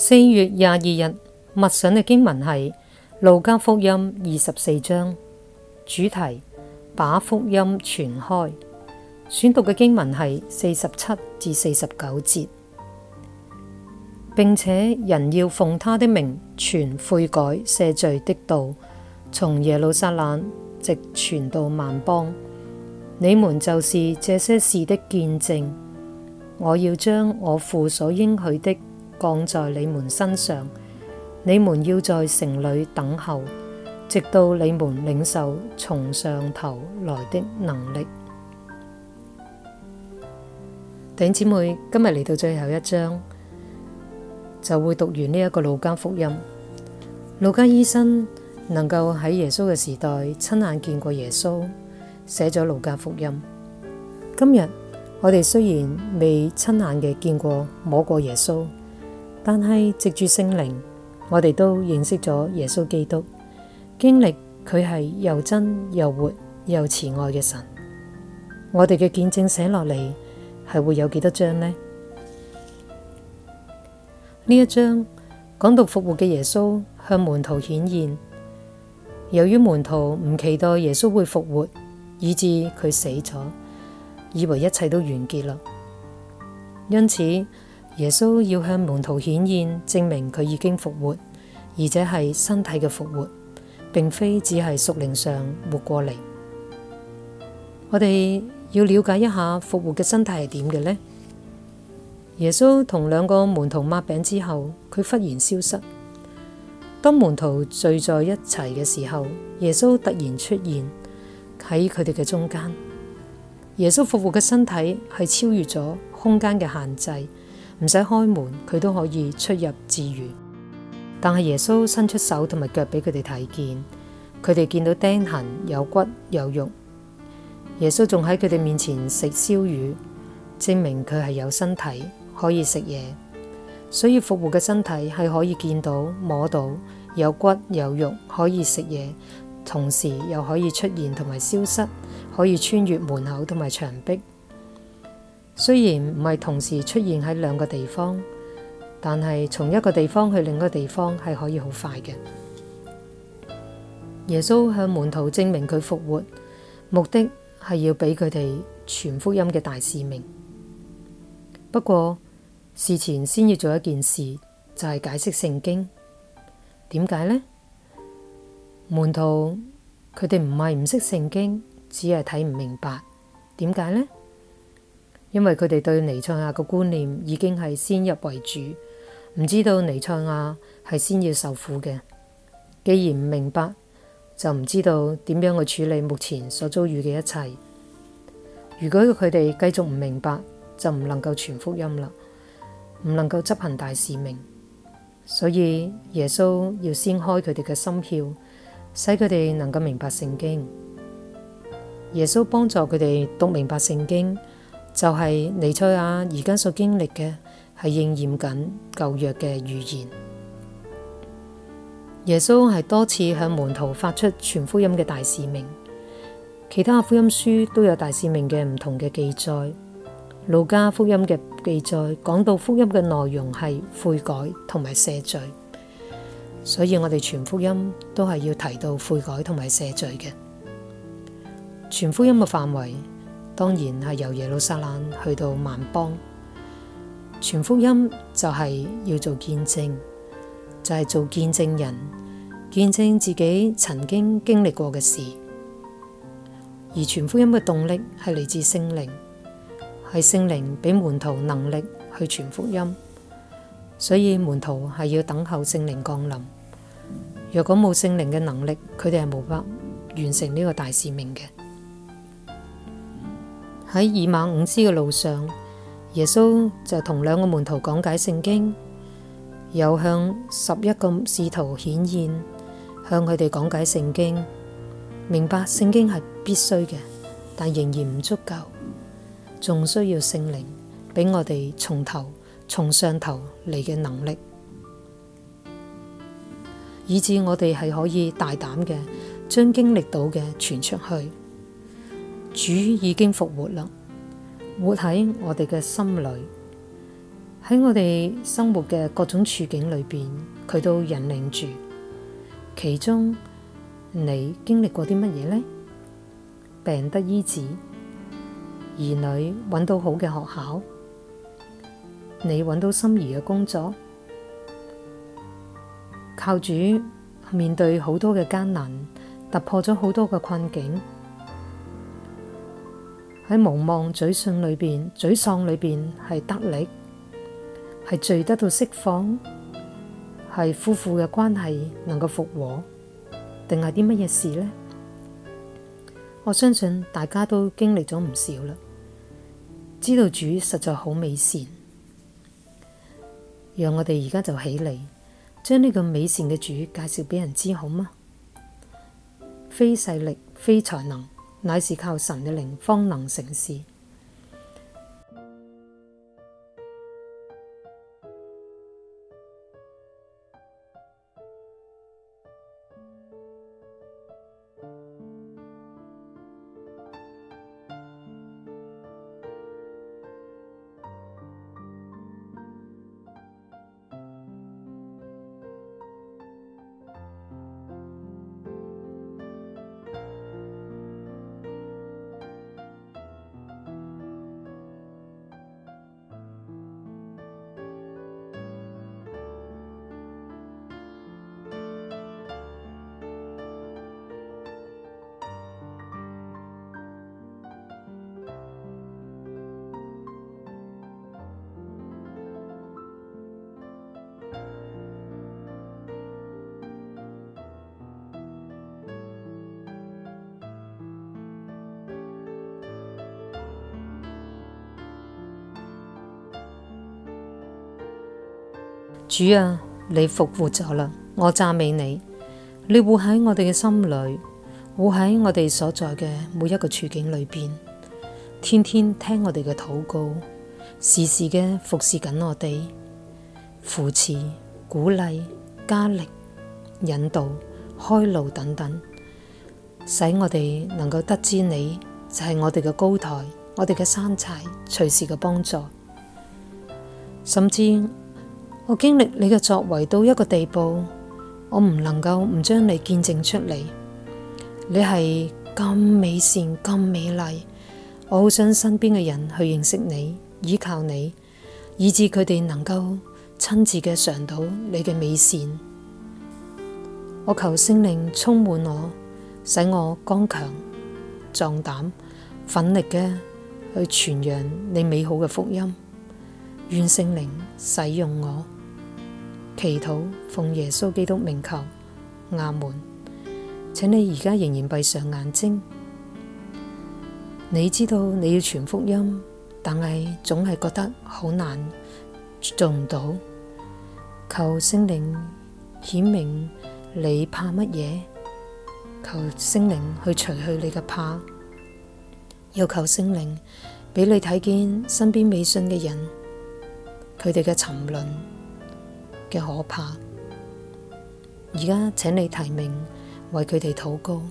四月廿二日默想嘅經文係《路加福音》二十四章，主題，把福音傳開。選讀嘅經文係四十七至四十九節，並且人要奉他的名傳悔改、赦罪的道，從耶路撒冷直傳到萬邦。你們就是這些事的見證。我要將我父所應許的，降在你們身上，你們要在城裏等候，直到你們領受從上頭來的能力。頂姊妹，今日嚟到最後一章，就會讀完呢一個路加福音。路加醫生能夠喺耶穌嘅時代親眼見過耶穌，寫咗路加福音。今日我哋雖然未親眼嘅見過摸過耶穌。但係藉住聖靈，我哋都認識咗耶穌基督，經歷佢係又真又活又慈愛嘅神。我哋嘅見證寫落嚟係會有幾多章呢？呢一章講到復活嘅耶穌向門徒顯現，由於門徒唔期待耶穌會復活，以致佢死咗，以為一切都完結啦。因此。耶穌要向門徒顯現，證明佢已經復活，而且係身體嘅復活，並非只係屬靈上活過嚟。我哋要了解一下復活嘅身體係點嘅呢？耶穌同兩個門徒抹餅之後，佢忽然消失。當門徒聚在一齊嘅時候，耶穌突然出現喺佢哋嘅中間。耶穌復活嘅身體係超越咗空間嘅限制。唔使開門，佢都可以出入自如。但係耶穌伸出手同埋腳俾佢哋睇見，佢哋見到釘痕，有骨有肉。耶穌仲喺佢哋面前食燒魚，證明佢係有身體可以食嘢。所以復活嘅身體係可以見到、摸到，有骨有肉，可以食嘢，同時又可以出現同埋消失，可以穿越門口同埋牆壁。雖然唔係同時出現喺兩個地方，但係從一個地方去另一個地方係可以好快嘅。耶穌向門徒證明佢復活，目的係要俾佢哋傳福音嘅大使命。不過事前先要做一件事，就係解釋聖經。點解呢？門徒佢哋唔係唔識聖經，只係睇唔明白。點解呢？因為佢哋對彌賽亞嘅觀念已經係先入為主，唔知道彌賽亞係先要受苦嘅。既然唔明白，就唔知道點樣去處理目前所遭遇嘅一切。如果佢哋繼續唔明白，就唔能夠傳福音啦，唔能夠執行大使命。所以耶穌要先開佢哋嘅心竅，使佢哋能夠明白聖經。耶穌幫助佢哋讀明白聖經。就係、是、彌賽亞而家所經歷嘅係應驗緊舊約嘅預言。耶穌係多次向門徒發出傳福音嘅大使命，其他福音書都有大使命嘅唔同嘅記載。路加福音嘅記載講到福音嘅內容係悔改同埋赦罪，所以我哋傳福音都係要提到悔改同埋赦罪嘅。傳福音嘅範圍。當然係由耶路撒冷去到萬邦，傳福音就係要做見證，就係做見證人，見證自己曾經經歷過嘅事。而傳福音嘅動力係嚟自聖靈，係聖靈俾門徒能力去傳福音，所以門徒係要等候聖靈降臨。若果冇聖靈嘅能力，佢哋係無法完成呢個大使命嘅。喺以馬忤斯嘅路上，耶穌就同兩個門徒講解聖經，又向十一個使徒顯現，向佢哋講解聖經。明白聖經係必須嘅，但仍然唔足夠，仲需要聖靈畀我哋從頭從上頭嚟嘅能力，以至我哋係可以大膽嘅將經歷到嘅傳出去。主已經復活啦，活喺我哋嘅心裏，喺我哋生活嘅各種處境裏面，佢都引領住。其中，你經歷過啲乜嘢呢？病得醫治，兒女揾到好嘅學校，你揾到心儀嘅工作，靠主面對好多嘅艱難，突破咗好多嘅困境。喺無望沮喪裏邊，沮喪裏邊係得力，係罪得到釋放，係夫婦嘅關係能夠復和，定係啲乜嘢事呢？我相信大家都經歷咗唔少啦，知道主實在好美善，讓我哋而家就起嚟，將呢個美善嘅主介紹俾人知，好嗎？非勢力，非才能。乃是靠神嘅靈，方能成事。主啊，你復活咗啦！我讚美你，你活喺我哋嘅心裏，活喺我哋所在嘅每一個處境裏邊，天天聽我哋嘅禱告，時時嘅服侍緊我哋，扶持、鼓勵、加力、引導、開路等等，使我哋能夠得知你就係、是、我哋嘅高臺，我哋嘅山寨，隨時嘅幫助，甚至。我經歷你嘅作為到一個地步，我唔能夠唔將你見證出嚟。你係咁美善、咁美麗，我好想身邊嘅人去認識你、依靠你，以致佢哋能夠親自嘅嘗到你嘅美善。我求聖靈充滿我，使我剛強、壯膽、奮力嘅去傳揚你美好嘅福音。願聖靈使用我，祈禱奉耶穌基督名求，阿門。請你而家仍然閉上眼睛。你知道你要傳福音，但係總係覺得好難做唔到。求聖靈顯明你怕乜嘢。求聖靈去除去你嘅怕。又求聖靈畀你睇見身邊未信嘅人。佢哋嘅沉淪嘅可怕，而家請你提名為佢哋禱告。